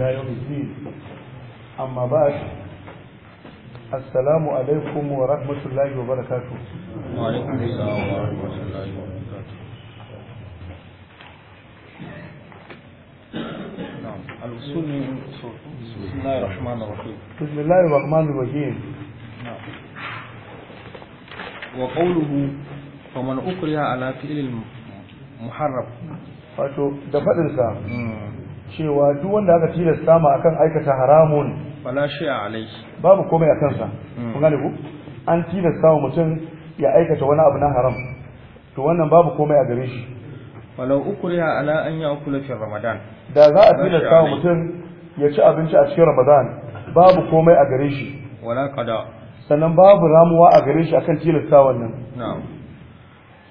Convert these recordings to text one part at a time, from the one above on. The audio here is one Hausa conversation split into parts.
إلى يوم الدين أما بعد السلام عليكم ورحمة الله وبركاته وعليكم السلام ورحمة الله وبركاته نعم الوصول من الوصول بسم الله الرحمن الرحيم بسم الله الرحمن الرحيم نعم وقوله فمن أكره على فعل المحرم wato da faɗinsa cewa duk wanda aka tilasta ma akan aikata haramun fala shi'a alai babu komai a kansa hmm. kun gane ku an tilasta wa mutum ya aikata wani abu na haram to wannan babu komai a gare shi walau ukriha ala an ya'kula fi ramadan da za a tilasta wa mutum ya ci abinci a cikin ramadan babu komai a gare shi wala kada sannan babu ramuwa a gare shi akan tilasta wannan na'am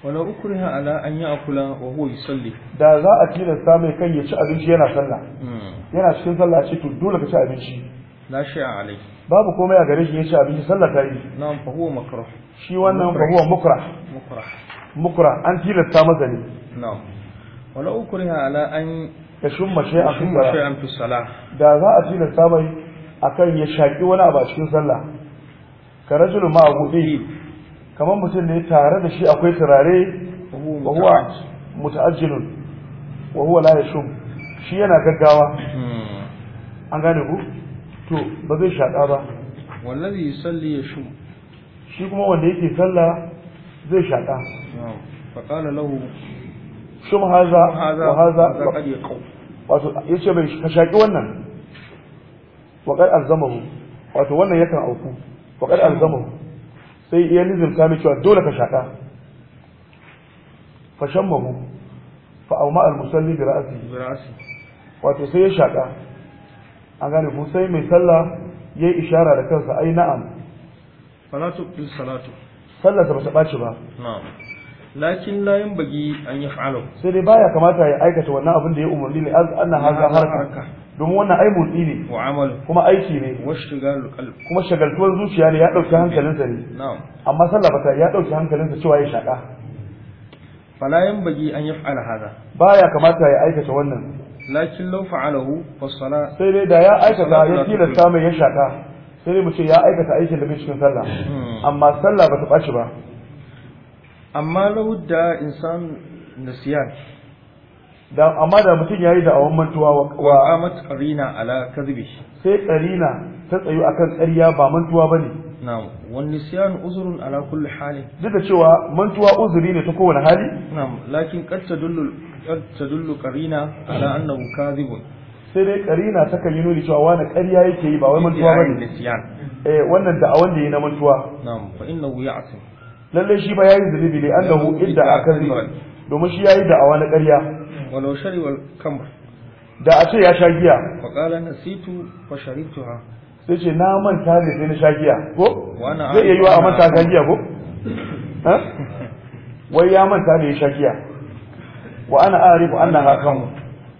wala ukriha ala an ya'kula wa huwa yusalli da za a tilasta mai kan ya ci abinci yana sallah hmm. yana cikin sallah ce to dole ka ci abinci la shay'a alai babu komai a gare shi ya ci abinci sallah ta yi na'am fa huwa makrah shi wannan fa huwa mukrah mukrah mukrah an tilasta masa ne na'am wala ukriha ala an Ya yashumma shay'an fi salah da za a tilasta mai akan ya shaki wani abu a cikin sallah ka rajulu ma'a gubi kamar mutum ne tare da shi akwai turare wa huwa muta'ajjilun wa huwa la yashum shi yana gaggawa hmm. an gane ku to ba zai shaka ba wallazi yusalli yashum shi kuma wanda yake sallah zai shaka fa qala lahu shum haza wa haza qad yaqu wato yace bai ka shaki wannan wa qad alzamahu wato wannan yakan auku wa qad alzamahu sai iya nizin kame cewa dole ka shaƙa fashan mahu fa'auma al-musalli bi ra'asi wato sai ya shaƙa A gane ku sai mai sallah ya yi ishara da kansa ai na'am salatu bil salatu sallar ta bata ɓaci ba na'am lakin layin bagi an yi yaf'alu sai dai baya kamata ya aikata wannan abin da ya umarni ne na haka harka domin wannan ai motsi ne kuma aiki ne kuma shagaltuwar zuciya ne ya ɗauki hankalinsa ne amma sallah bata ya ɗauki hankalinsa cewa ya shaƙa falayen bagi an haza Ba ya kamata ya aikata wannan lakin law fa'alahu fasala sai dai da ya aikata ya tilasta mai ya shaƙa sai dai mu ce ya aikata aikin da bai cikin sallah hmm. amma sallah bata ɓaci ba amma lahu da insan nasiyan amma da mutum yayi da awan mantuwa wa amat qarina ala kadhibi sai qarina ta tsayu akan ƙarya ba mantuwa ba ne. na'am wan nisyan uzrun ala kulli hali duk da cewa mantuwa uzuri ne ta kowane hali na'am lakin qad tadullu qad tadullu qarina ala annahu kadhibun sai dai qarina ta kan yi nuni cewa wani ƙarya yake yi ba wai mantuwa ba ne? eh wannan da awan da yayi na mantuwa na'am fa innahu ya'sim lalle shi ba yayi zunubi ne annahu idda akadhiban domin shi yayi da'awa na ƙarya walau shari wal kamar da a ce ya sha giya wa qala nasitu wa sharibtuha sai ce na manta ne sai na sha giya ko zai iya wa a manta ga giya ko wai ya manta ne ya sha giya wa ana arifu annaha kamar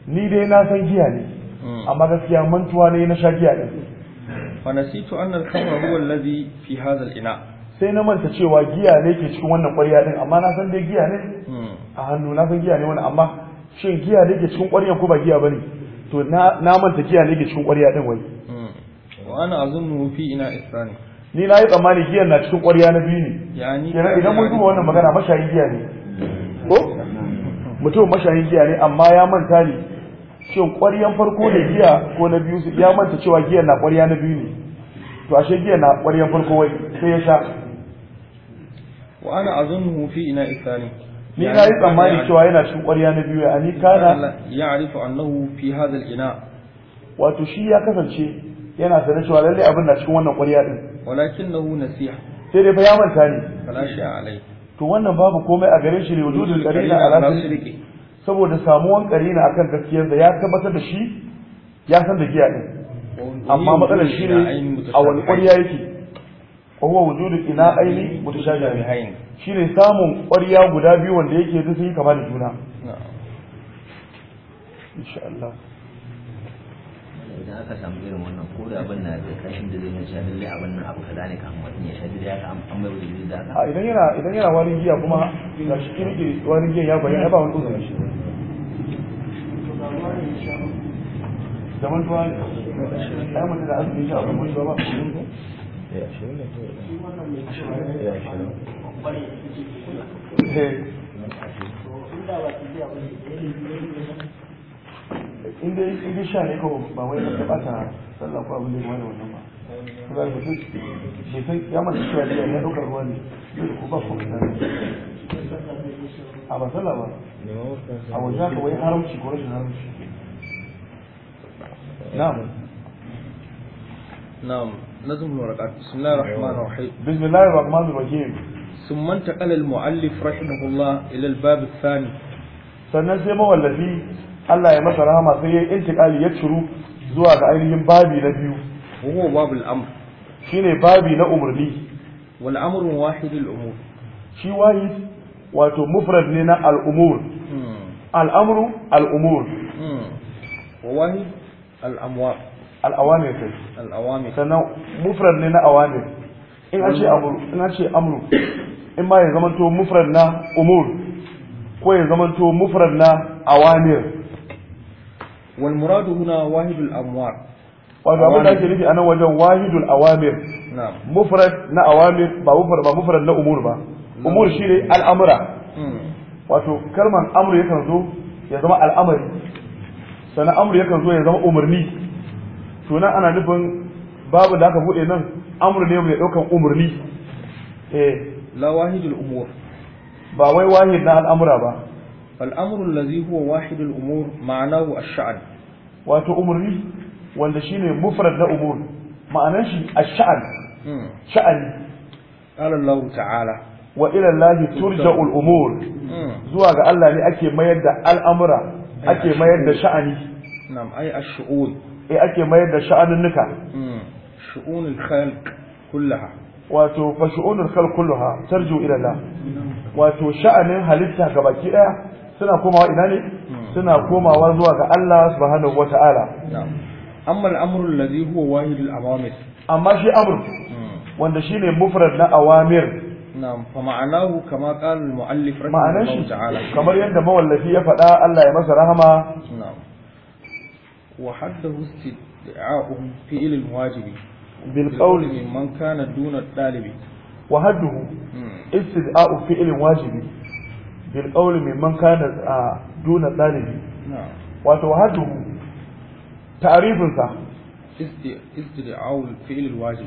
ni dai na san giya ne hmm. amma gaskiya mantuwa ne na sha giya ne fa nasitu anna al-khamra huwa alladhi fi hadha al-ina sai na manta cewa giya ne ke cikin wannan ƙwarya din amma na san dai giya ne hmm. a hannu na san giya ne wani amma shin giya ne ke cikin ƙwarya ko ba giya ba ne to na manta giya ne ke cikin ƙwarya ɗin wai hmm. wa ana azunnu fi ina ne. ni na yi tsammani giya na cikin ƙwarya na biyu ne kenan idan mun duba wannan magana mashayin giya ne ko mutum mashayin giya ne amma ya manta ne shin ƙwaryan farko ne giya ko na biyu ya manta cewa giya na ƙwarya na biyu ne to ashe giya na ƙwaryan farko wai sai ya sha wa ana azunnu fi ina ne. ni na yi tsammani cewa yana cikin ƙwarya na biyu ni kana ya arifu annahu fi hadha ina wato shi ya kasance yana sanar cewa lalle abin na cikin wannan ƙwarya din nahu nasiha sai dai fa ya manta ne alai to wannan babu komai a gare shi ne wujudul qarina ala shirki saboda samuwan qarina akan gaskiyar da ya tabbatar da shi ya san da giya din amma matsalar shi ne a wani ƙwarya yake huwa wujudu ina aini mutashabihain shine samun ƙwarya guda biyu wanda yake da su kama da juna insha Allah idan aka samu irin wannan ko da abin na da kashin da zai sha lalle abin nan abu kaza ne kafin mutum ya sha da ya an bai wujudu da aka idan yana idan yana wani giya kuma ga shi kirki wani giya ya bayyana ba wani uzuri shi zaman tuwa ai mutum da azumi shi abin mun ba inda yi sha ne ko ba wai ka sallah ko abin da wani wannan ba ya ruwa ne ba a ba sallah ba a ka wai haramci ko rashin haramci na'am na'am نظم الورقات بسم الله الرحمن الرحيم بسم الله الرحمن الرحيم ثم انتقل المؤلف رحمه الله إلى الباب الثاني sannan sai mawallafi Allah ya masa rahama sai ya intiqali ya shiru zuwa ga ainihin babi na biyu huwa babul shine babi na umarni wal amru wahid al shi wahid wato mufrad ne na al umur wa al'awamir kai al'awamir sannan mufrad ne na awamir in an ce amru in an ce amru in ma ya zamanto mufrad na umur ko ya zamanto mufrad na awamir wal muradu huna wahidul amwar wato abin da ake nufi a nan wajen wahidul awamir mufrad na awamir ba mufrad ba mufrad na umur ba umur shi ne al'amura hmm. wato kalman amru yakan zo ya zama al'amari sannan amru yakan zo ya zama umarni to ana nufin babu da aka bude nan amru ne mai ɗaukan umarni. Eh. la wahidul umur ba wai wahid na al'amura ba al'amru allazi huwa wahidul umur ma'anahu ash-sha'n wato umarni wanda shine mufrad na umur ma'anar shi ash-sha'n hmm. sha'ani qala Allah ta'ala wa ila Allah turja'ul umur hmm. zuwa ga Allah ne ake mayar da al'amura ake mayar da sha'ani na'am ai ash eh ake mayar da sha'anunnuka hmm. shu'unul khalq kullaha wato fa shu'unul khalq kullaha tarju ila Allah wato sha'anin halitta gabaki daya suna komawa ina ne hmm. suna komawa zuwa ga Allah subhanahu wata'ala amma al-amru alladhi huwa wahid awamir amma shi amr hmm. wanda shine mufrad na awamir na'am fa ma'anahu kama qala al-mu'allif rahimahu ta'ala kamar yadda mawallafi ya faɗa Allah ya masa rahama na'am وحده استدعاؤهم فعل الواجب بالقول ممن كان دون الطالب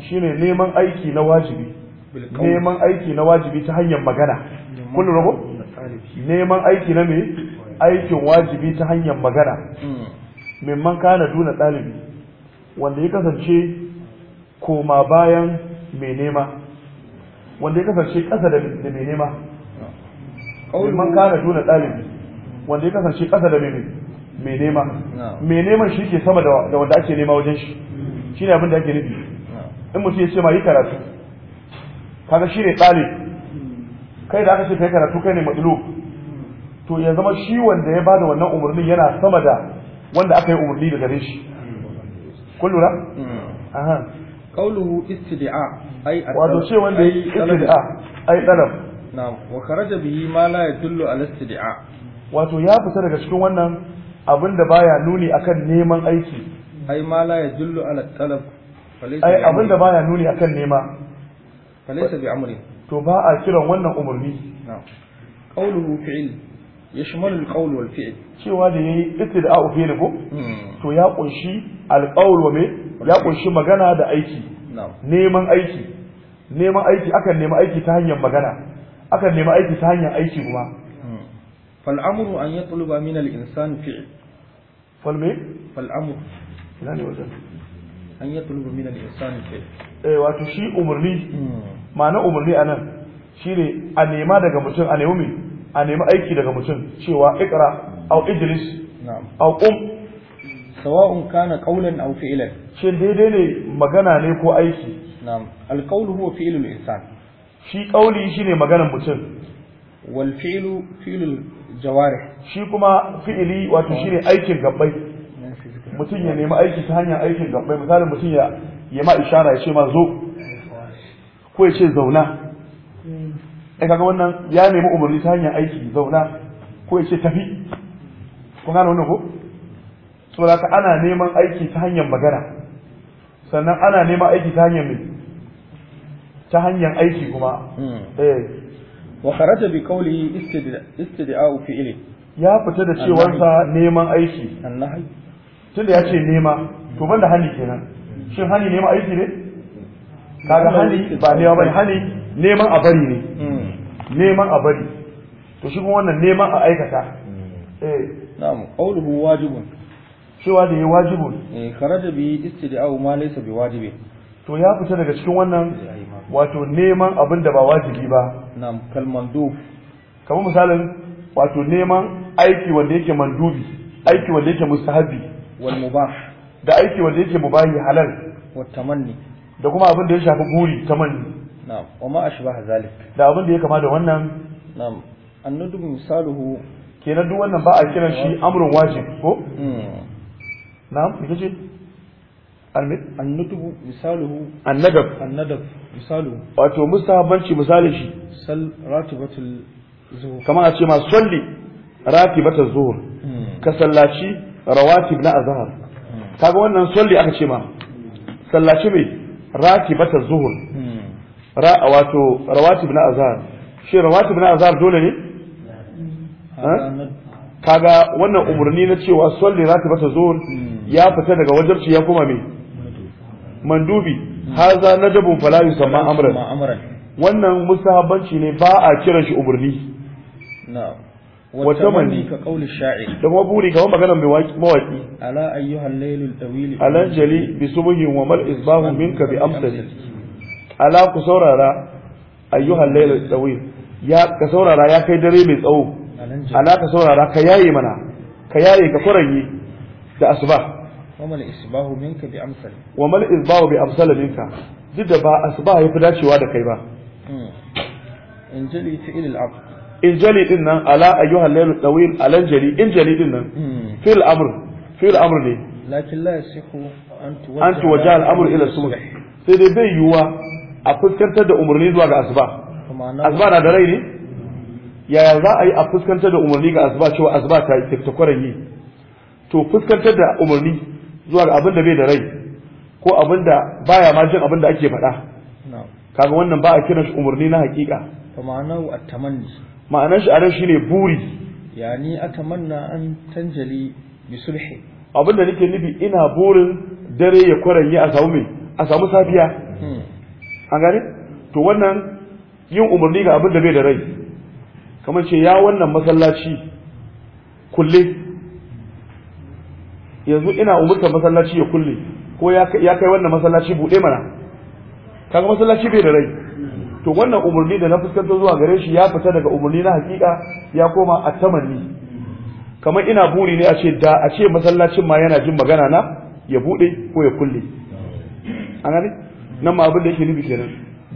shine neman aiki na wajibi ta hanyar magana kun rago neman aiki na me aikin wajibi ta hanyar magana hmm. memman kana duna ɗalibi wanda ya kasance koma bayan mai nema wanda ya kasance ƙasa da mai nema memman kana duna ɗalibi wanda ya kasance ƙasa da mai nema mai neman shi ke sama da wanda ake nema wajen shi shi ne abin da ake nufi in mutum ya ce ma yi karatu kaga shi ne ɗalib kai da aka ce kai karatu kai ne matsalo to ya zama shi wanda ya bada wannan umarnin yana sama da wanda aka yi umarni da gare shi kun lura hmm. aha qawluhu istida'a ai wato ce wanda yi istida'a ai talab na'am wa kharaja bihi ma la yadullu ala istida'a wato ya fita daga cikin wannan abinda baya nuni akan neman aiki ai ma la yadullu ala talab ai abinda baya nuni akan nema falaysa bi amri to ba a kiran wannan umarni na'am qawluhu fi'l يشمل القول والفعل cewa da ya yayi istida'u fi'l ko hmm. to ya kunshi alqaul wa me ya kunshi magana da aiki neman aiki neman aiki akan nema aiki ta hanyar magana akan nema aiki ta hanyar aiki kuma hmm. fal amru an yatluba min al insan fi'l fal me fal amru ina ne wajen an yatluba min al insan fi'l eh wato shi umurni hmm. ma'ana umurni anan shine a nema daga mutum a nemi a nemi aiki daga mutum cewa ikra au idris au qum sawa'un kana qawlan aw fi'lan shi daidai ne magana ne ko aiki na'am alqawl huwa fi'lu al-insan shi qawli shine maganar mutum wal fi'lu fi'lu jawarih shi kuma fi'ili wato shine aikin gabbai mutum ya nemi aiki ta hanyar aikin gabbai misalin mutum ya ya ma ishara ya ce ma zo ko ya ce zauna ai kaga wannan ya nemi umarni ta hanyar aiki zauna ko ya ce tafi kun gane wannan ko saboda ka ana neman aiki ta hanyar magana sannan ana neman aiki ta hanyar mai ta hanyar aiki kuma hmm. eh wa kharaja bi qawli fi ilmi ya fita da cewar sa neman aiki annahi tunda ya ce nema to banda hali kenan shin hali neman aiki ne kaga hali ba ne ba hali neman a bari ne hmm. neman a bari to shi kuma wannan neman a aikata hmm. eh na'am qawluhu wajibun cewa da ya wajibun eh kharaja bi istida'u ma laysa bi wajibi to ya fita daga cikin wannan wato neman abin da ba wajibi ba na'am kal mandub kamar misalin wato neman aiki wanda yake mandubi aiki wanda yake mustahabi wal mubah da aiki wanda yake mubahi halal wa tamanni da kuma abin da ya shafi buri tamanni na'am wa ma ashbaha zalik da abin da ya kama da wannan na'am annadu misaluhu kenan duk wannan ba a kiran shi amrun wajib ko hmm. na'am me kace annutubu misaluhu annadab annadab misaluhu wato mustahabbanci misalin shi sal ratibatul zuhur kamar a ce ma salli ratibatul zuhur hmm. ka sallaci rawatib na azhar hmm. kaga wannan aka ce ma sallaci me ratibatul zuhur ra'a wato rawatib na azhar shi rawatib na azhar dole ne kaga wannan umarni na cewa salli ratibata zuhur hmm. ya fita daga wajibci ya kuma me mandubi hmm. haza najabun fala yusamma amran wannan musahabanci ne ba a kiran shi umarni wata mani ka kauli sha'ir da kuma buri kamar magana mai mawaki ala ayyuhal lailul tawil alanjali bi subhin wa mal isbahu minka bi amsali ala ku saurara ayyuhal lailal tawil ya ka saurara ya kai dare mai tsawo ala ka saurara ka yaye mana ka yaye ka kurayi da asuba wa mal isbahu minka bi amsal wa mal isbahu bi amsal minka duk da ba asuba yafi dacewa da kai ba hmm. injali fi'il aq in jali din nan ala ayyuhal alan tawil in jali din nan hmm. fil amr amr ne lakin la yasihu an tuwajja al-amr ila subh sai dai bai yuwa a fuskantar da umarni zuwa ga asuba asuba na da rai ne yaya za a yi a fuskantar da umarni ga asuba cewa asuba ta yi takwaran yi to fuskantar da umarni zuwa ga abin da bai da rai ko abin da baya ma jin abin da ake faɗa kaga wannan ba a kiran shi umarni na hakika ma'anar a ma'anar shi buri ya buri a atamanna an tanjali bi sulhi abin da nake nufi ina burin dare ya kwaranyi a samu a samu safiya an gane to wannan yin umarni ga abin da bai da rai kamar ce ya wannan masallaci kulle yanzu ina umurtar masallaci ya kulle ko ya kai wannan masallaci buɗe mana kaga masallaci bai da rai to wannan umarni da na fuskantar zuwa gare shi ya fita daga umarni na hakika ya koma a tamanni kamar ina buri ne a ce da a ce masallacin ma yana jin magana na ya buɗe ko ya kulle an gane nan ma abin da yake nufi kenan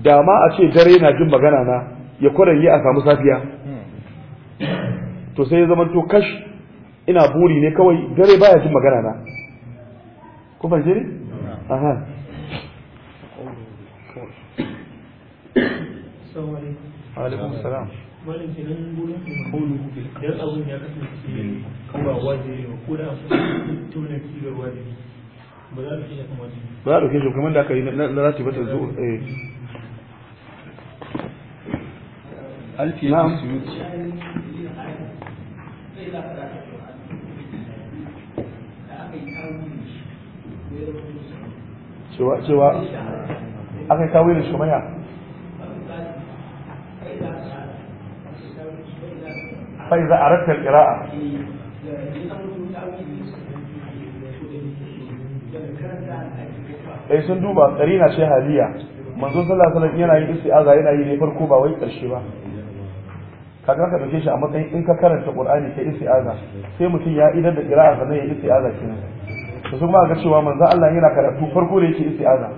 da ma a ce dare na jin magana na ya yi a samu safiya to sai ya zama to kash ina buri ne kawai dare baya jin magana na ku fahimce ne aha alaikum ba za a ɗauke shi kamar da aka yi na rati ba ta zo eh. na'am cewa cewa aka yi kawo yin shumaya fa'iza a rattar ƙira'a ai eh, sun duba karina ce haliya manzon sallallahu alaihi wasallam yana yin isti'aza yana yi ne farko ba wai karshe ba kaga ka dauke shi a matsayin in ka karanta qur'ani kai isti'aza sai mutum ya idan da qira'a sannan ya yi isti'aza kenan to sun ba ga cewa manzon Allah yana karatu farko da yake isti'aza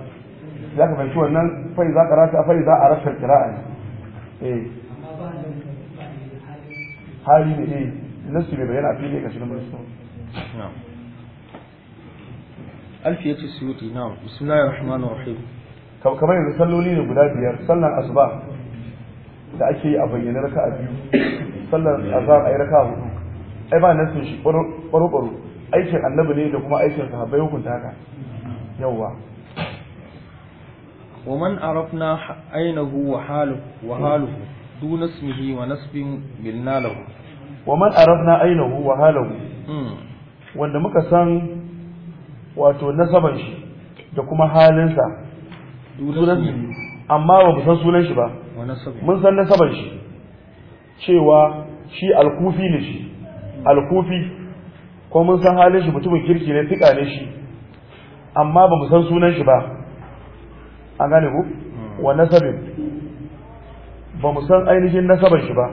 za ka fahimci wannan fa iza qara'ta fa a arafta qira'a eh hali ne eh nasu bai yana fili ga shi na musulmi alfiyatu suyuti na'am bismillahir rahmanir rahim kamar yanzu salloli ne guda biyar sallar asuba da ake yi a bayyana raka a biyu sallar azhar ayi raka hudu ai ba nan sun shi baro aikin annabi ne da kuma aikin sahabbai hukunta haka yawwa ومن عرفنا عينه وحاله وحاله دون اسمه ونسب قلنا له ومن عرفنا عينه وحاله wanda muka san wato nasaban shi da kuma halinsa sunan su amma ba mu san sunan shi ba mun san nasaban shi cewa shi alkufi ne shi alkufi ko mun san halin shi mutumin kirki ne fika ne shi amma ba mu san sunan shi ba an gane ku hmm. wa nasabin ba mu san ainihin nasaban shi ba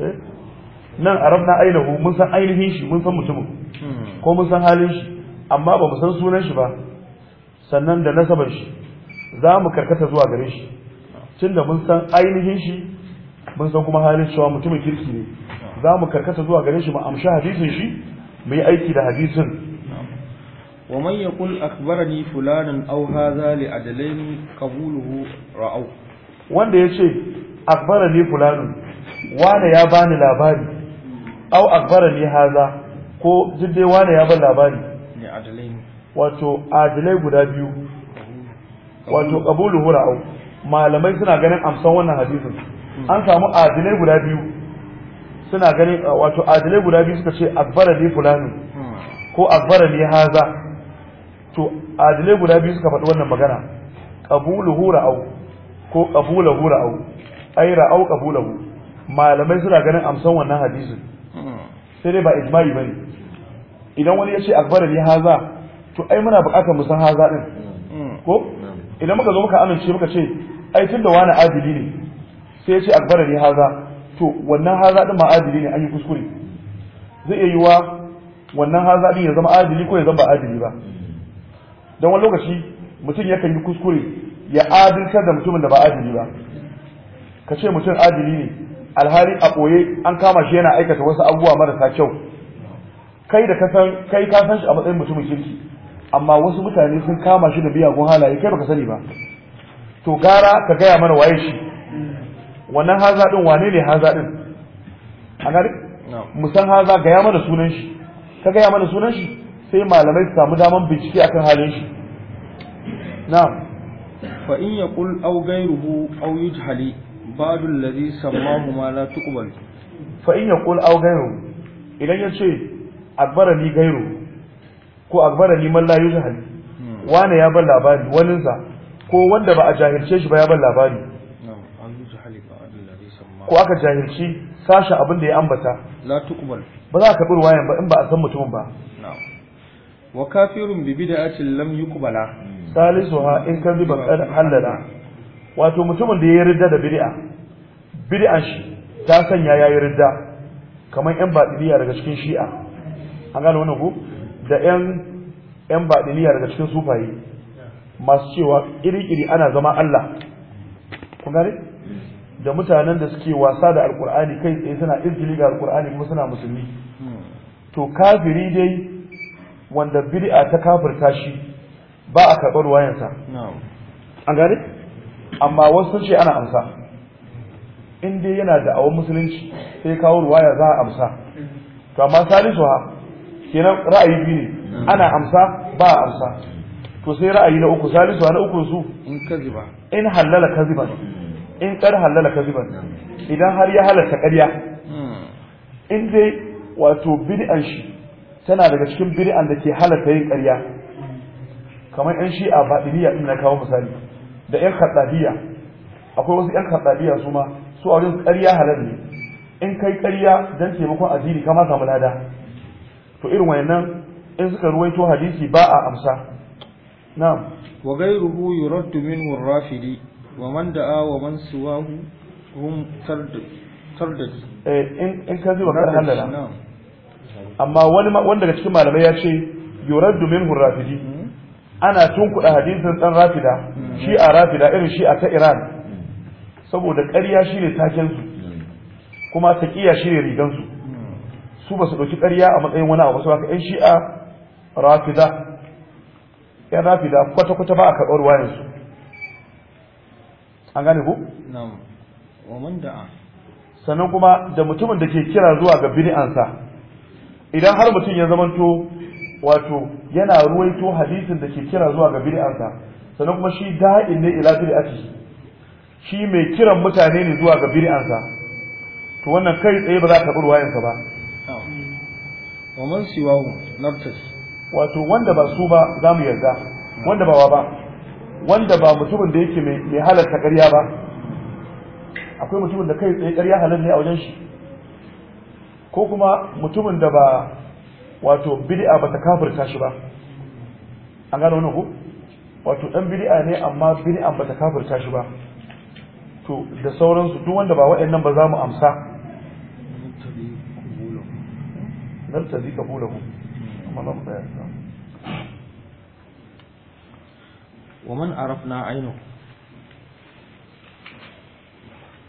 eh? nan arabna ainihu mun san ainihin shi mun san mutumin ko mun san halin shi amma ba mu san sunan shi ba sannan da nasabar shi za mu karkata zuwa gare shi tunda mun san ainihin shi mun san kuma halin cewa mutumin kirki ne za mu karkata zuwa gare shi mu amshi hadisin shi mu yi aiki da hadisin yaqul akhbarani fulanan aw hadha li لأدلين qabuluhu Ra'u? wanda ya ce akbarani fulanu wane ya bani labari au akbarani haza ko dai wane ya ban labari wato adilai guda biyu wato kabulu hura'u malamai suna ganin amsan wannan hadisin hmm. an samu adilai guda biyu suna ganin wato adilai guda biyu suka ce akbara ne fulani hmm. ko akbara ne haza to adilai guda biyu suka faɗi wannan magana kabulu hura'u ko kabula hura'u ai ra'au kabulahu malamai suna ganin amsan wannan hadisin hmm. sai dai ba ijma'i bane idan wani ya ce ya haza to ai muna bukatar mu san haza din ko idan muka zo muka amince muka ce ai tun da wani adili ne sai ya ce ya haza to wannan haza din ma adili ne an yi kuskure zai iya yiwa wannan haza din ya zama adili ko ya zama ba adili ba don wani lokaci mutum yakan yi kuskure ya adilkar da mutumin da ba adili ba ka ce mutum adili ne alhali a ɓoye an kama shi yana aikata wasu abubuwa marasa kyau kai da kasan kai ka san shi a matsayin mutumin kirki amma wasu mutane sun kama shi da biyagun halaye kai baka sani ba to gara ka gaya mana waye shi wannan haza din wane ne haza din a gari musan haza gaya mana sunan shi ka gaya mana sunan shi sai malamai su samu daman bincike akan halin shi na'am fa in yaqul aw ghayruhu aw yujhali ba'du ladhi sammahu ma la tuqbal fa in yaqul aw ghayruhu idan yace akbarani gairu ko akbarani man la yuzhal wani ya bar labari waninsa ko wanda ba a jahilce shi ba ya bar labari ko aka jahilci sashi abin da ya ambata la tuqbal ba za ka karbi wayan ba in ba a san mutumin ba wa kafirun bi bid'atin lam yuqbala salisuha in kan bi bakar halala wato mutumin da ya ridda da bid'a bid'an shi ta sanya yayi ridda kamar yan badiliya daga cikin shi'a an gane wannan ko da yan yan baɗiniya daga cikin sufaye masu cewa iri-iri ana zama Allah kun gane da mutanen da suke wasa da alkur'ani kai tsaye suna izgili ga alkur'ani kuma suna musulmi to kafiri dai wanda bid'a ta kafirta shi ba a karɓar wayansa an gane amma wasu sun ce ana amsa in dai yana da awon musulunci sai kawo ruwaya za a amsa to amma salisu ha kenan ra'ayi biyu ne ana amsa ba a amsa to sai ra'ayi na uku salisu na uku su in kaziba in halala kaziban in kar halala kaziban idan har ya halarta ƙarya hmm. in dai wato bid'an shi tana daga cikin bid'an da ke halarta yin ƙarya kamar yan shi'a baɗiniya ina kawo misali da yan khaddadiya akwai wasu yan khaddadiya su ma su a wurin ƙarya halar ne in kai ƙarya don taimakon addini kama samu lada to irin wayannan in suka ruwaito hadisi ba a amsa na'am wa ghayruhu yuraddu min murafidi rafidi wa man da'a wa man suwahu hum tardad tardad eh in in kaji wa kar halala amma wani wanda daga cikin malamai ya ce yuraddu min murafidi rafidi hmm? ana tunkuda hadisin dan rafida hmm. shi a rafida irin shi a ta Iran saboda ƙarya shine takensu hmm. kuma taqiya shine rigansu su ba su ɗauki ƙarya a matsayin wani abu saboda ƴan shi'a rafida ƴan rafida kwata-kwata ba a karɓar wayansu an gane ku? sannan kuma da mutumin da ke kira zuwa ga bid'ansa idan har mutum ya zamanto wato yana ruwaito hadisin da ke kira zuwa ga bid'ansa sannan kuma shi da'in ne ila ciki, shi mai kiran mutane ne zuwa ga bid'ansa to wannan kai tsaye ba za ka bi ruwayansa ba wa man siwahu nabtasi wato wanda ba su ba za mu yarda wanda ba wa ba wanda ba mutumin da yake mai halarta ƙarya ba akwai mutumin da kai tsaye ƙarya halar ne a wajen shi ko kuma mutumin da ba wato bid'a ba ta kafirta shi ba an gano wani ku wato dan bid'a ne amma bid'an ba ta kafirta shi ba to da sauransu duk wanda ba waɗannan ba za mu amsa نرتدي قبوله أما الله ومن عرفنا عينه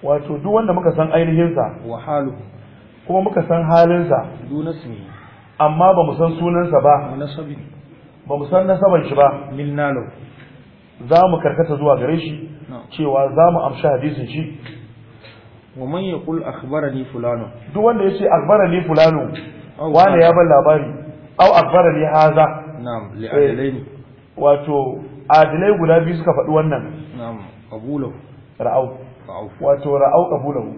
wato duk wanda muka san ainihinsa wa halu kuma muka san halinsa ne, amma ba mu san sunansa ba nasabi ba mu san nasaban shi ba milnalo za mu karkata zuwa gare shi cewa za mu amsha hadisin shi wa man yaqul akhbarani fulano duk wanda yace akhbarani fulano wani ya bar labari au akbara li haza na'am li adalaini eh, wato adalai guda biyu suka faɗi wannan na'am qabulahu ra'au wato ra'au qabulahu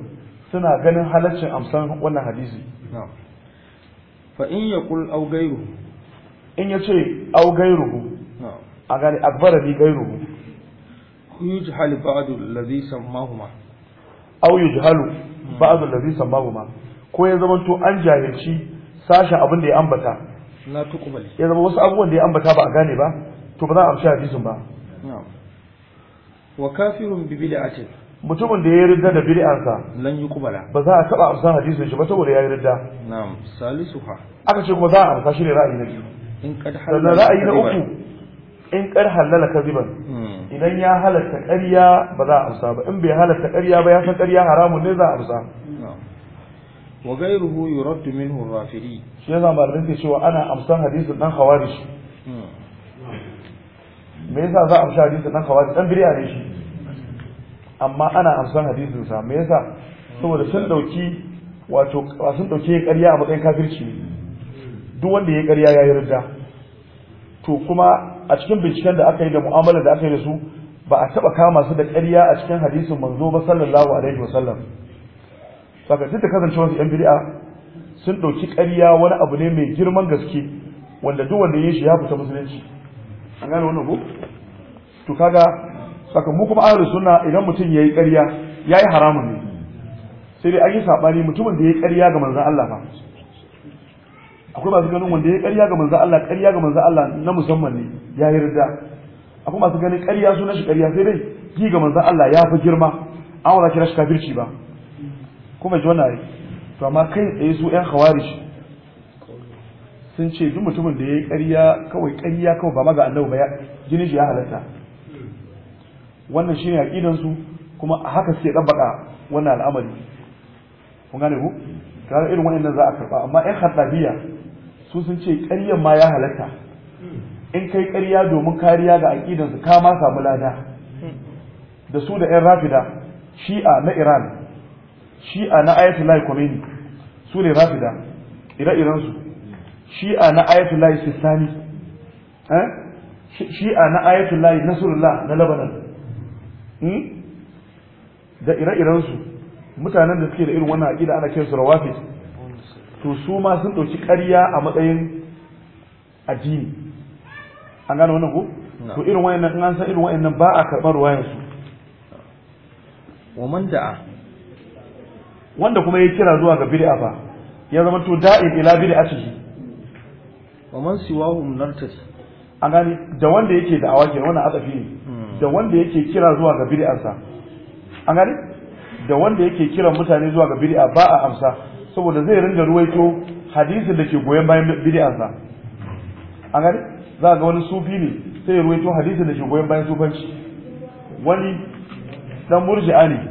suna ganin halaccin amsan wannan hadisi na'am fa in yaqul au gairu in yace au gairu na'am a gani akbara li gairuhu yujhalu ba'du alladhi sammahuma au yujhalu ba'du alladhi sammahuma ko ya zamanto an jahilci sashen abin da ya ambata ya zama wasu abubuwan da ya ambata ba a gane ba to ba za a amshi hadisin ba wa kafirun bi bid'atin mutumin da ya ridda da bid'arsa lan yuqbala ba za a taba amsa hadisin shi ba saboda ya yi ridda na'am salisuha aka ce kuma za a amsa shi ne ra'ayi na biyu in kad halala ra'ayi na uku in kad halala kadiban hmm. idan ya halatta ƙarya ba za a amsa ba in bai halatta ƙarya ba ya san ƙarya haramun ne za a amsa wa ghayruhu yurad minhu rafidi shi yasa malamin ke cewa ana amsan hadisin dan khawarij hmm. me yasa za a amsa hadisin dan khawarij dan bid'a ne shi amma ana amsan hadisin sa me yasa saboda sun dauki wato sun dauke ƙarya a matsayin kafirci duk wanda ya ƙarya ya ridda to kuma a cikin binciken da aka yi da mu'amala da aka yi da su ba a taba kama su da ƙarya a cikin hadisin manzo ba sallallahu alaihi wasallam saka duk da kasance wasu yan bid'a sun dauki ƙarya wani abu ne mai girman gaske wanda duk wanda yin shi ya fita musulunci an gane wannan ko to kaga saka mu kuma ahlus sunna idan mutum yayi ƙarya yayi haramun ne sai dai an yi sabani mutumin da yayi ƙarya ga manzon Allah fa akwai masu ganin wanda ya ƙarya ga manzon Allah ƙarya ga manzon Allah na musamman ne ya yi rida akwai masu ganin ƙarya sunan shi ƙarya sai dai ji ga manzon Allah ya fi girma an wala kira shi kafirci ba kuma ji wani to amma kai tsaye su yan hawarish sun ce duk mutumin da ya yi ƙarya kawai ƙarya kawai ba maga annabi ba ya jini shi ya halatta wannan shine aqidan su kuma a haka suke dabbaka wannan al'amari kun gane ku kaga irin wannan za a karba amma ƴan haddadiya su sun ce ƙaryan ma ya halatta in kai ƙarya domin kariya ga aqidan su ka ma samu lada da su da ƴan rafida shi'a na Iran shi'a na ayatullahi komeni su ne rafida ire-iren su shi'a na ayatullahi sistani eh? shi'a na ayatullahi nasrullah na labanan hmm? da ire-iren su mutanen da suke da irin wannan aƙida ana kiransu rawafid to su ma sun ɗauki ƙarya a matsayin addini an gane wannan ko to irin wayannan an san irin wayannan ba a karɓar ruwayansu wa man da'a wanda kuma ya kira zuwa ga bid'a ba ya zama to da'in ila bid'atihi wa man siwahum nartas an gani da wanda yake da awaki wannan azafi ne hmm. da wanda yake kira zuwa ga sa an gani da wanda yake kira mutane zuwa ga bid'a ba a amsa saboda zai ringa ruwaito hadisin da ke goyon bayan sa an gani za ga wani sufi ne sai ya ruwaito hadisin da ke goyon bayan sufanci wani dan murji'a ne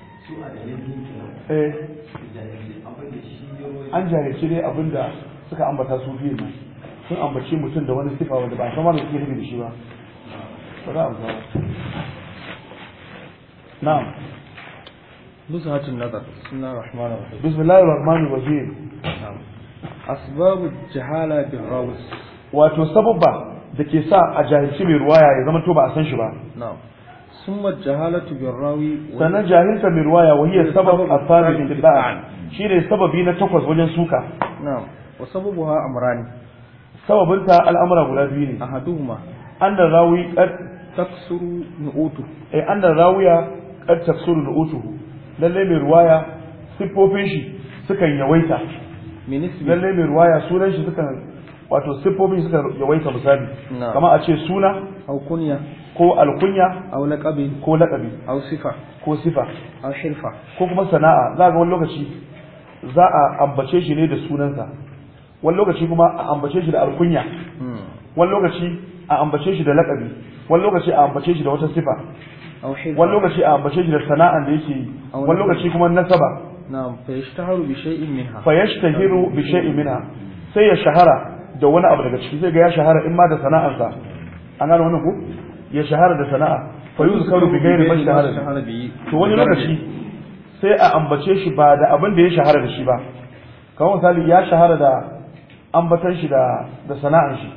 eh an jarice dai abinda suka ambata su biyu ne sun ambace mutum da wani sifa wanda ba san da suke nufi da shi ba ba za a zuwa na'am نزهة hatin nada suna الرحمن الرحيم بسم الله الرحمن الرحيم أسباب الجهالة rawus wato sababba da ke sa a jarice mai ruwaya ya zama to ba a san shi ba ثم الجهالة بالراوي سنة جاهلة بالرواية وهي سبب الثاني من الباع شيء السبب هنا تقوز وجن سوكا نعم وسببها أمران سبب انت الأمر أبو الأدويني أحدهما أن الراوي قد تكسر نؤوته أي أن الراوي قد تكسر نؤوته للي من رواية سبوبين شي يويتا lallai mai ruwaya sunan shi suka wato siffofin suka yawaita misali kama a ce suna aukunya ko alkunya aw laqabi ko laqabi aw sifa ko sifa aw shirfa ko kuma sana'a za ga wani lokaci za a ambace shi ne da sunansa wani lokaci kuma a ambace shi da alkunya hmm. wani lokaci a ambace shi da laqabi wani lokaci a ambace shi da wata sifa wani lokaci a ambace shi da sana'an da yake yi wani lokaci kuma nasaba na'am fa yashtaharu bi shay'in minha fa yashtahiru bi shay'in minha sai ya shahara da wani abu daga ciki sai ga ya shahara in ma da sana'arsa an gano wannan ko ya shahara da sana'a fa yuzkaru bi ghairi ma shahara to wani lokaci sai a ambace shi ba da abin da ya shahara da shi ba kamar misali ya shahara da ambatan shi da da sana'an shi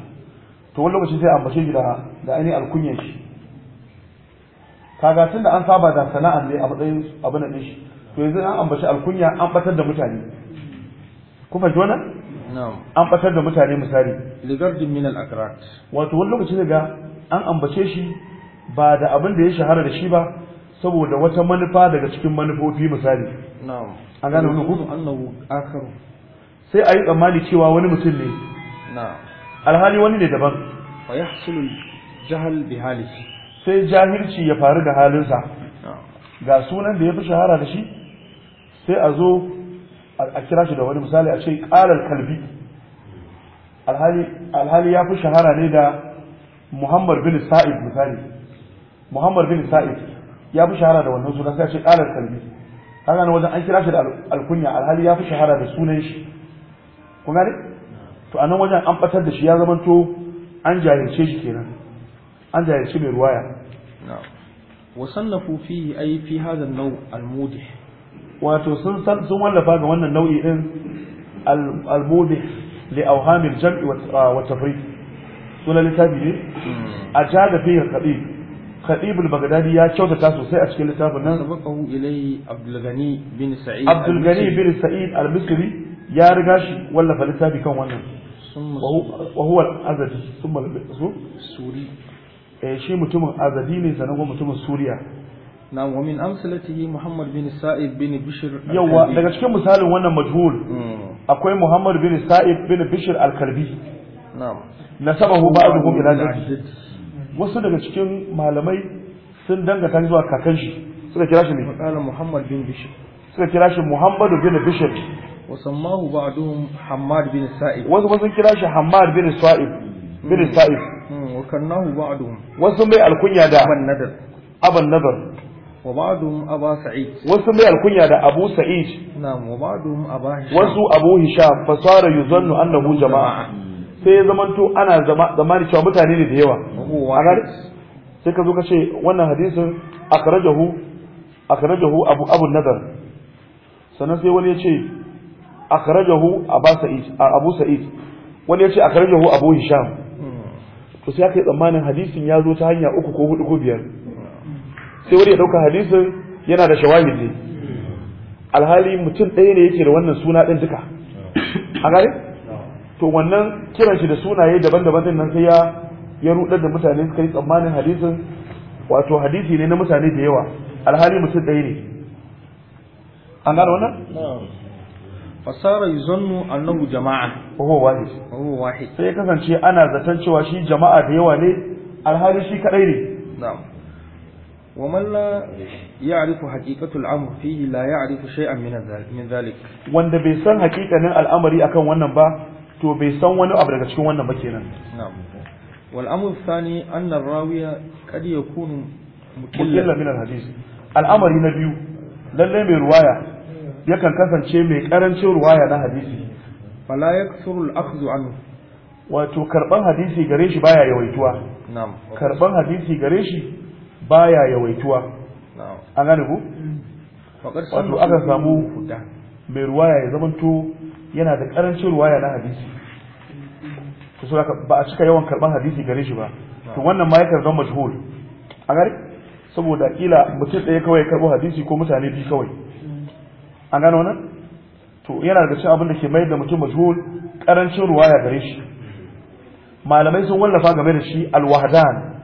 to wani lokaci sai a ambace shi da da ainihin alkunyan shi kaga da an saba da sana'a ne a matsayin abin da shi to yanzu an ambaci alkunya an batar da mutane ku fahimci wannan an batar da mutane misali ligardin min al-akrat wato wani lokaci daga an ambace shi ba da abin da ya shahara da shi ba saboda wata manufa daga cikin manufofi misali an gane wani gudu sai a yi tsammani cewa wani mutum ne alhali wani ne daban sai jahilci ya faru da halinsa ga sunan da ya fi shahara da shi sai a zo a kira shi da wani misali a ce ƙalar kalbi alhali ya fi shahara ne da muhammad bin sa'id misali muhammad bin sa'id ya fi shahara da wannan suna sai ce ƙalar kalbi kaga na wajen an kira shi da alkunya alhali ya fi shahara da sunan shi kuma ne? to a nan wajen an batar da shi ya zamanto an jahilce shi kenan an jahilce mai ruwaya wasallafu fihi ay fi hadha an-naw al-mudih wato sun sun wallafa ga wannan nau'i din al-mudih li awham al-jam'i wa tafriq Suna littafi ne hmm. a ja da fiye kaɗi khatib al ya kyautata sosai a cikin littafin nan sabaqahu ilay abdul ghani bin sa'id abdul ghani bin sa'id al-misri ya riga shi wallafa littafi kan wannan wa huwa al-azadi thumma suri eh shi mutumin azadi ne sanan kuma mutumin suriya na wa min amsalatihi muhammad bin sa'id bin bishr yawa daga cikin misalin wannan majhul hmm. akwai muhammad bin sa'id bin bishr al-kalbi nasabahu ba'dhum ila jaddi wasu daga cikin malamai sun dangata zuwa kakanshi. shi suka kira shi ne qala muhammad bin bishr suka kira shi muhammad bin bishr wa sammahu ba'dhum hammad bin sa'id wasu sun kira shi Hamad bin sa'id bin sa'id hmm, wa kannahu ba'dhum wasu mai alkunya da aban nadar aban nadar wa ba'dhum aba sa'id wasu mai alkunya da abu sa'id na'am wa wasu abu hisham fasara yuzannu annahu jama'a sai ya zamanto ana zamani cewa mutane ne da yawa sai ka zo ka ce wannan hadisin kare jahu abu abu nazar sannan sai wani ya ce a kare jahu abu sa'id wani ya ce jahu abu hisham hmm. to sai aka yi tsammanin hadisin ya zo ta hanya uku ko hudu ko biyar sai wani ya dauka hadisin yana da shawahid ne hmm. alhali mutum ɗaya ne yake da wannan suna ɗin duka hmm. a gare to wannan kiran shi da sunaye daban-daban din nan sai ya ya rudar da mutane suka yi tsammanin hadisin wato hadisi ne na mutane da yawa alhali mutum ɗaya ne an gano wannan fasara yuzannu annahu jama'a wa huwa wahid wa huwa wahid sai kasance ana zaton cewa shi jama'a da yawa ne alhali shi kadai ne na'am wa man la ya'rifu haqiqatu al-amr fihi la ya'rifu shay'an min dhalik wanda bai san haqiqanin al'amari akan wannan ba to bai san wani abu daga cikin wannan ba kenan wal amru thani anna rawiya kad yakunu mukillan min al hadith al'amari na biyu lalle mai ruwaya yakan kasance mai karancin ruwaya na hadisi fala yaksuru al akhdhu anhu wato karban hadisi gare shi baya yawaituwa na'am karban hadisi gare shi baya yawaituwa na'am an gane ku wato aka samu mai ruwaya ya zamanto yana da karancin ruwaya na hadisi to saboda ba a cika yawan karban hadisi gare shi ba to wannan ma yakan zama majhul a gare saboda kila mutum ɗaya kawai ya karbo hadisi ko mutane biyu kawai an gano nan to yana daga cikin abin da ke mayar da mutum majhul karancin ruwaya gare shi malamai sun wallafa game da shi alwahdan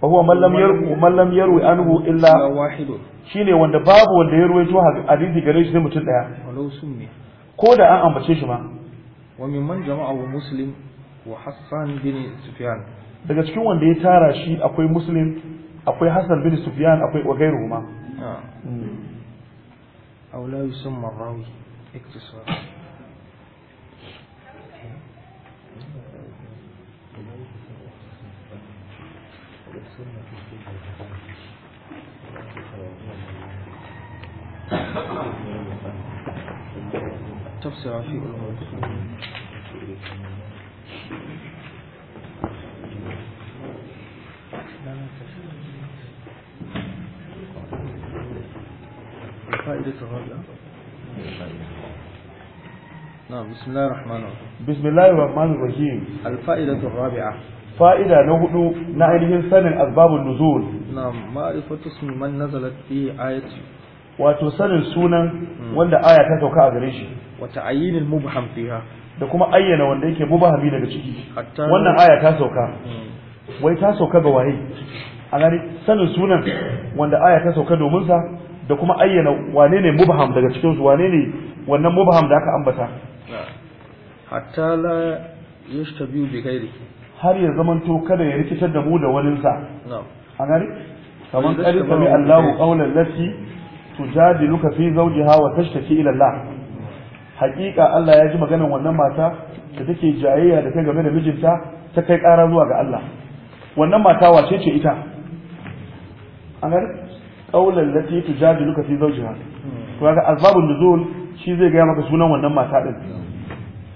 wa huwa man lam yarwi man lam yarwi anhu illa wahidun shine wanda babu wanda ya ruwaito hadisi gare shi ne mutum daya walau sunni ko da an ambace shi ma wa mimman wa muslim wa hassan bin sufyan daga cikin wanda ya tara shi akwai muslim akwai hassan bin sufyan akwai wa gairu ma aw la sun marawi iktisar Thank you. تفسر في الأمور فائدة هذا نعم بسم الله الرحمن الرحيم بسم الله الرحمن الرحيم الفائدة الرابعة فائدة نهدو نعيده سنة أسباب النزول نعم معرفة اسم من نزلت في آية واتو سنة سنة wanda آية ta sauka wa ta'yinil mubham fiha da kuma ayyana wanda yake mubahami daga ciki wannan aya ta sauka hmm. wai ta sauka ga waye a gani sanin sunan wanda aya ta sauka domin sa da kuma ayyana wane ne mubham daga cikin su wane ne wannan mubaham da aka ambata hatta la yushtabihu bi ghairi har ya zamanto kada ya rikitar da mu da wani sa a gani kaman qad sami Allahu qawlan lati tujadiluka fi zawjiha wa tashtaki ila Allah hakika Allah ya ji maganar wannan mata da take jayayya da ta game da mijinta ta kai ƙara zuwa ga Allah wannan mata wace ce ita an ga kaulan lati ka fi zawjiha to ga azabun nuzul shi zai ga maka sunan wannan mata din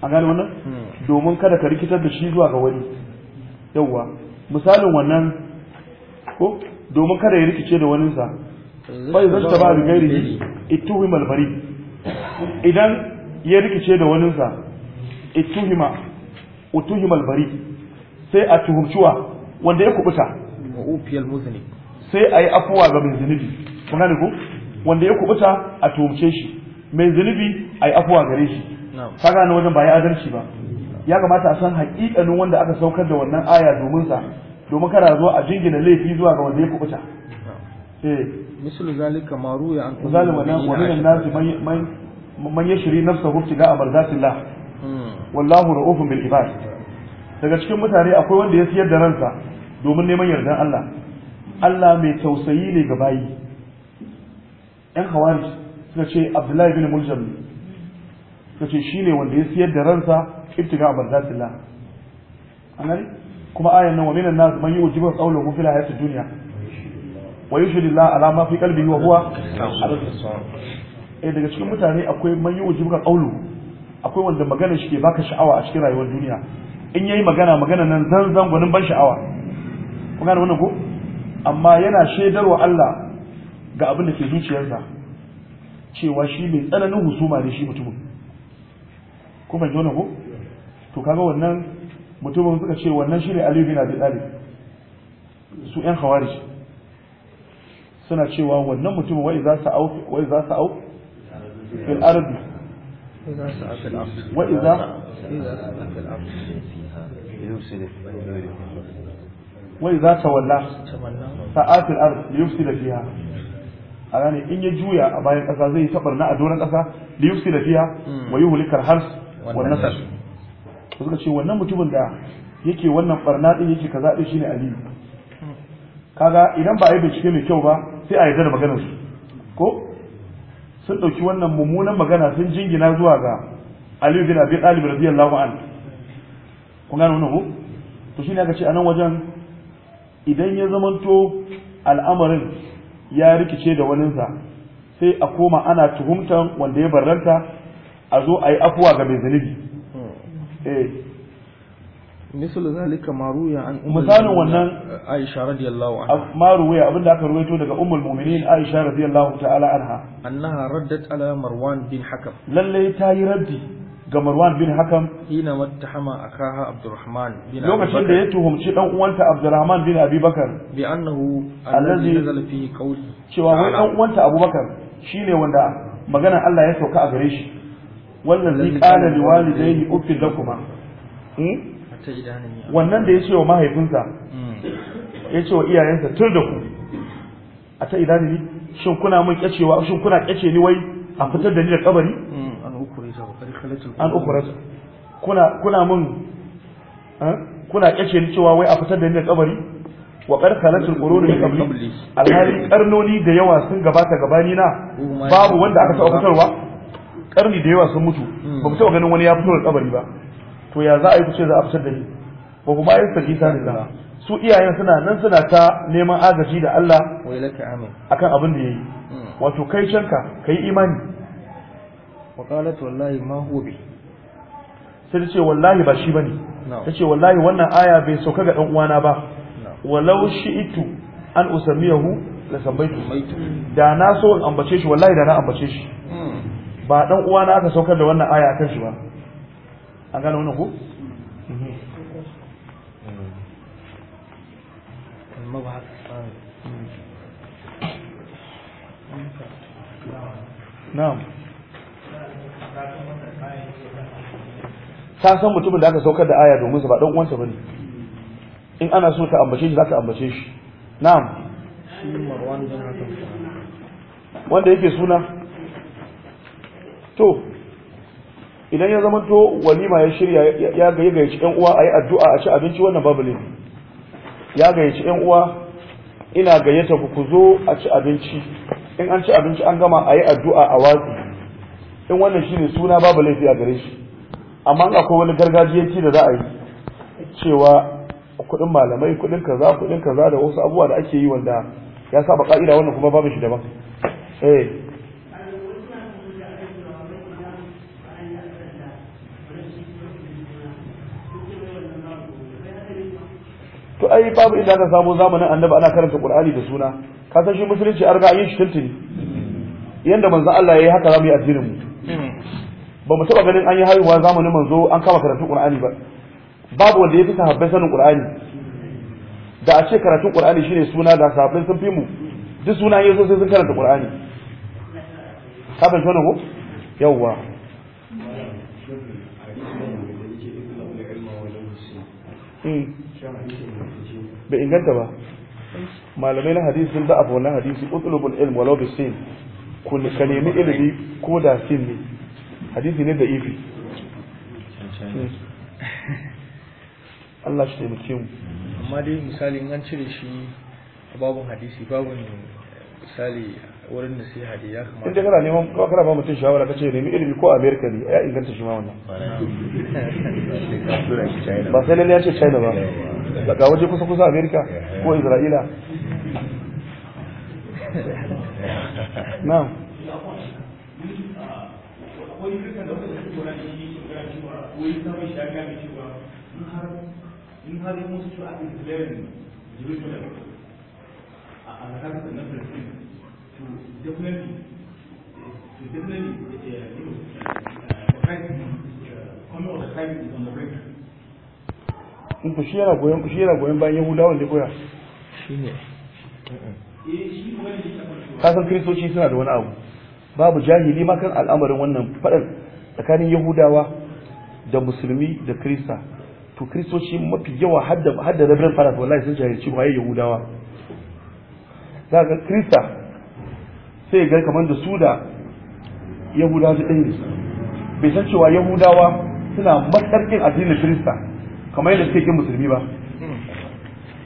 an gane wannan hmm. domin kada ka rikitar da shi zuwa ga wani yawwa misalin wannan ko domin kada ya rikice da waninsa bai zasta ba ga gairi ittuhim al-bari idan ya rikice da waninsa ituhima utuhimal bari sai a tuhumciwa wanda ya kubuta sai a yi afuwa ga mai zunubi kuna gane ku wanda ya kubuta a tuhumce shi mai zunubi a yi afuwa gare shi ka gane wajen ba ya adalci ba ya kamata a san haƙiƙanin wanda aka saukar da wannan aya domin sa domin kada zuwa a jingina laifi zuwa ga wanda ya kubuta eh misali zalika maruya an zalima na wa minan nasi man yashri nafsahu ga amardatillah wallahu ra'ufun bil ibad daga cikin mutane akwai wanda ya siyar da ransa domin neman yardan Allah Allah mai tausayi ne ga bayi yan hawari suka ce Abdullahi bin Muljam suka ce shi ne wanda ya siyar da ransa ibtiga amardatillah anani kuma ayan nan wa minan nas man yujibu qawluhu fil hayatid dunya wa yushhidu Allah ala ma fi qalbihi wa huwa eh daga cikin mutane akwai man yi muka qawlu akwai wanda magana shi ke baka sha'awa a cikin rayuwar duniya in yayi magana magana nan zanzan gwanin ban sha'awa kun gane wannan ko amma yana shaidarwa Allah ga abin da ke zuciyarsa cewa shi mai tsananin husuma ne shi mutumin ko ban jona ko to kaga wannan mutumin suka ce wannan shi ne Aliyu bin Abi Talib su ƴan khawarij suna cewa wannan mutumin wai za su au wai za su au في الأرض وإذا وإذا تولى سعى الأرض ليفسد فيها أراني إن يجوي أبايا قصة زي سبرنا أدورا قصة ليفسد فيها ويهلك الحرث والنسل suka ce wannan mutumin da yake wannan barna ɗin yake kaza shi shine aliyu kaga idan ba a yi bincike mai kyau ba sai a yarda da maganar su ko sun ɗauki wannan mummunan magana sun jingina zuwa ga aliyu bin abi talib radiyallahu an kun gano wannan ko to shine aka ce a nan wajen idan ya zamanto al'amarin ya rikice da waninsa sai a koma ana tuhumtan wanda ya barranta a zo a yi afuwa ga mai zunubi hmm. eh, misal zalika maruya an ummu misalin wannan Aisha radiyallahu anha maruya abinda aka ruwaito daga ummul mu'minin Aisha radiyallahu ta'ala anha annaha raddat ala Marwan bin Hakam lalle ta yi raddi ga Marwan bin Hakam ina wattahama akaha Abdurrahman bin lokacin da ya tuhumci dan uwanta Abdurrahman bin Abi Bakar bi annahu allazi nazala fi cewa wai dan uwanta Abubakar shine wanda magana Allah ya sauka a gare shi wannan zai kana liwalidayni uffil lakuma hmm? wannan da ya ce wa mahaifinsa hmm. ya ce wa iyayensa tur da ku a ta idani shin kuna mun kyacewa shin kuna kyace ni wai a fitar da ni da kabari hmm. an ukurata kuna kuna mun eh, kuna kyace ni cewa wai a fitar da ni da kabari wa kar khalatul qurun min qabli alhali karnoni da yawa sun gabata gabani na babu wanda aka taɓa fitarwa karni da yawa sun mutu ba mu taɓa ganin wani ya fito da kabari ba to ya za a yi ku ce za a fitar da ni ba kuma a yi sarki ta ne zara su iyayen suna nan suna ta neman agaji da Allah akan abin da yayi mm. wato kai canka kai imani wa qalat wallahi ma huwa bi sai ce wallahi ba shi bane ce wallahi wannan aya bai sauka ga dan uwana ba walau shi'itu an usamiyahu la sambaitu da na so in ambace shi wallahi da na ambace shi mm. ba dan uwana aka saukar da wannan aya akan shi ba an gano wani ko na'am ka san mutumin da aka saukar da aya domin sa ba dan uwansa bane in ana so ta ambace shi za ta ambace shi na'am wanda yake suna to idan ya zamanto walima ya shirya ya gayyaci yan uwa a yi addu'a a ci abinci wannan babu ne ya gayyaci yan uwa ina gayyata ku ku zo a ci abinci in an ci abinci an gama a yi addu'a a watsi in wannan shine suna babu laifi a gare shi amma in akwai wani gargajiyanci da za a yi cewa kuɗin malamai kuɗin kaza kuɗin kaza da wasu abubuwa da ake yi wanda ya saba ka'ida wannan kuma babu shi daban eh to ai babu inda aka samu zamanin annabi ana karanta qur'ani da suna ka san shi musulunci an riga yin shi tuntuni yanda manzo Allah yayi haka zamu yi addinin mu ba mu taba ganin an yi haihuwa zamanin manzo an kama karatu qur'ani ba babu wanda ya fi sahabbai sanin qur'ani da a ce karatun qur'ani shine suna da sahabbai sun fi mu duk suna yazo sai sun karanta qur'ani ka fahimci wannan ko yawwa Mm. bai inganta ba malamai na hadisi sun da'afa wannan hadisi utlubul ilm walau bi sin kun ka nemi ilimi ko da sin ne hadisi ne da ifi Allah shi taimake mu amma dai misali an cire shi babun hadisi babun misali wurin nasiha da ya kamata in dai kana neman ko kana ba mutum shawara kace ne nemi ilimi ko America ne ya inganta shi ma wannan ba sai lalle ya ce China ba daga waje kusa kusa America ko Isra'ila na'am in har in har musu a Israel ne a alhaka na Palestine in uh, uh, uh, yana goyon yana goyon bayan eh, kasan kristoci suna da wani abu babu jahili ma kan al'amarin wannan faɗar tsakanin yahudawa da musulmi da krista to kristoci mafi yawa hadda hadda rabin fara wallahi sun jahilci waye yahudawa za ka krista sai ga kamar da su da yahudawa su ɗaya bai san cewa yahudawa suna matsarkin addinin kirista kamar yadda suke kin musulmi ba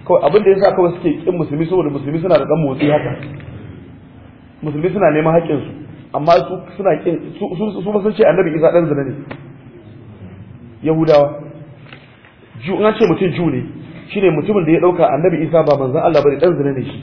kawai abin da ya sa kawai suke kin musulmi saboda musulmi suna da ɗan motsi haka musulmi suna neman haƙƙinsu amma su suna kin su su ce annabi isa ɗan zina ne yahudawa ju an ce mutum ju ne shine mutumin da ya ɗauka annabi isa ba manzon Allah bane ɗan zina ne shi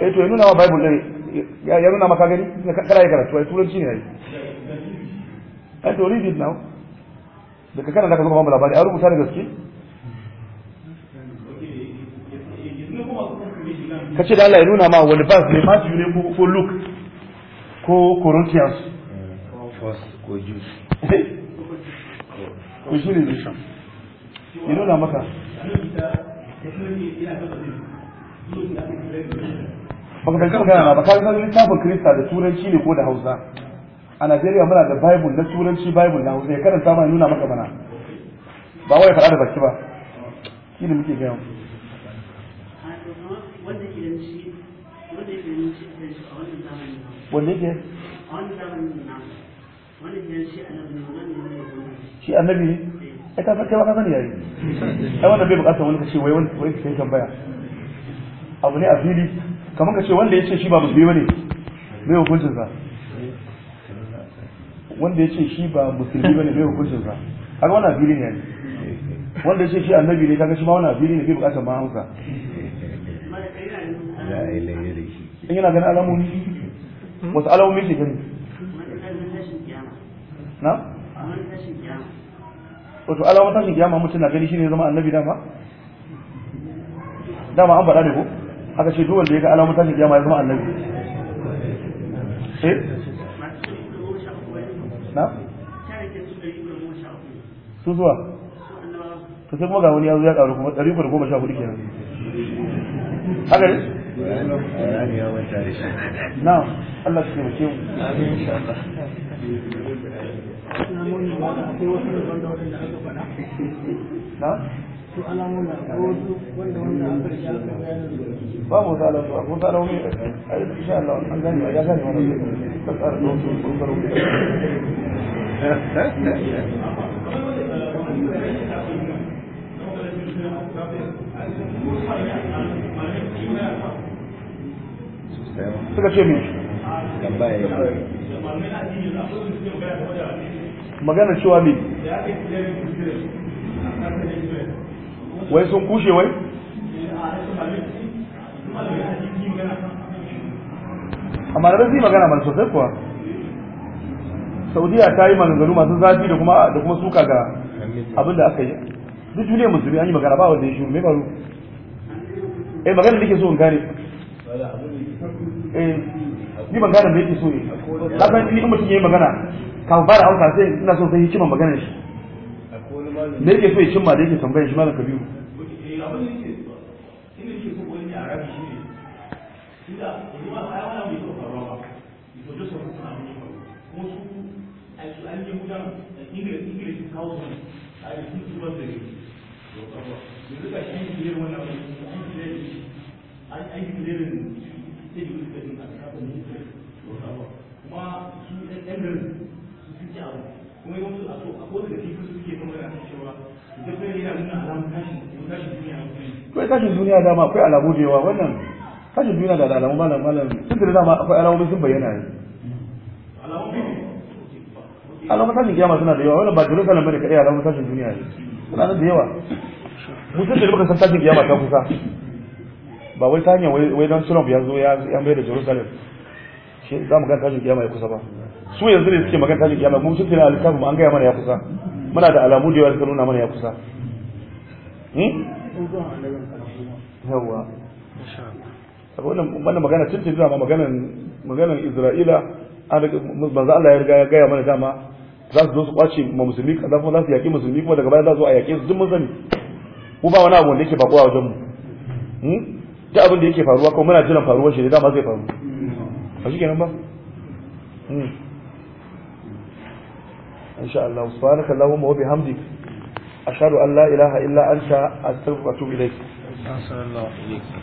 eh to ya nuna wa bible din ya nuna maka gani kada yi karatu ai turanci ne ai ai to read it now da kakan da ka zama labari an rubuta ne gaske ka ce da Allah ya nuna ma wani bas ne ma ne ko look ko corinthians ko jus ko shi ne sha ya nuna maka baka tanka magana ba ka san littafin krista da turanci ne ko da Hausa a Najeriya muna da Bible na turanci Bible na Hausa ya karanta ma nuna maka mana ba wai faɗa da baki ba shi ne muke gaya wanda yake wanda yake shi annabi ne eh. ai ka san kai ba ka sani yayi ai wannan bai bukatar wani kace wai wani sai tambaya abu ne a fili kamar ka ce wanda ya ce shi ba musulmi ba ne mai hukuncinsa wanda ya ce shi ba musulmi ba ne mai hukuncinsa kaga wani a fili ne wanda ya ce shi annabi ne kaga shi ma wani a fili ne bai bukatar ma hausa in yana ganin alamomi wasu alamomi ke gani na? wato alamomi tashin kiyama mutum na gani shine zama annabi dama dama an faɗa ne ko? aka ce duk wanda ya ga alamun tashin kiyama zama annabi eh na su zuwa to sai kuma ga wani ya ya karu kuma da kenan haka ne na Allah su taimake mu na su alamuna ba mu sa ko sa a yi insha Allah an gani ya gani ta tsara da wasu suka ce min magana cewa min wai sun kushe wai amma da zai magana mana sosai kuwa saudiya ta yi maganganu masu zafi da kuma da kuma suka ga abin da aka yi duk duniyar musulmi an yi magana ba wanda ya shi mai faru eh magana da ke so in gane eh ni ban gane da yake so ne na san ni mutum ya yi magana kafin da hausa sai ina so sai hikiman maganar shi me yake so ya cimma da yake tambayar shi malam kabiru su an yi gudan da a yi sun su wanda ne shi wannan an yi sai yi a kasafin kuma su su kuma yi wasu a so a da suke yana cewa yana nuna alamun duniya duniya dama akwai alamu da yawa wannan duniya da alamu malam malam sun da dama akwai alamomi sun bayyana ne alamomi alamun tashin kiyama suna da yawa wannan ba jerusalem bane kaɗai alamun tashin duniya ne suna da yawa mutum da muka tashin kiyama ta kusa ba wai ta hanyar wai don trump ya zo ya mai da jerusalem shi za mu gan tashin kiyama ya kusa ba su yanzu ne suke magana tashin kiyama mun cikin alkafin mu an gaya mana ya kusa muna da alamu da yawa suka nuna mana ya kusa yawa wannan magana tuntun zuwa ma maganan isra'ila manzo Allah ya riga ya gaya mana dama za su zo su kwace ma musulmi kaza kuma za su yaƙi musulmi kuma daga baya za su zo a yaƙe su duk mun sani ko ba wani abu wanda yake faruwa wajen mu Ta hmm? abin da yake faruwa kuma muna jiran faruwar shi da dama zai faru a shi kenan ba إن شاء الله سبحانك اللهم وبحمدك أشهد أن ilaha illa إلا أنت wa وأتوب إليك أحسن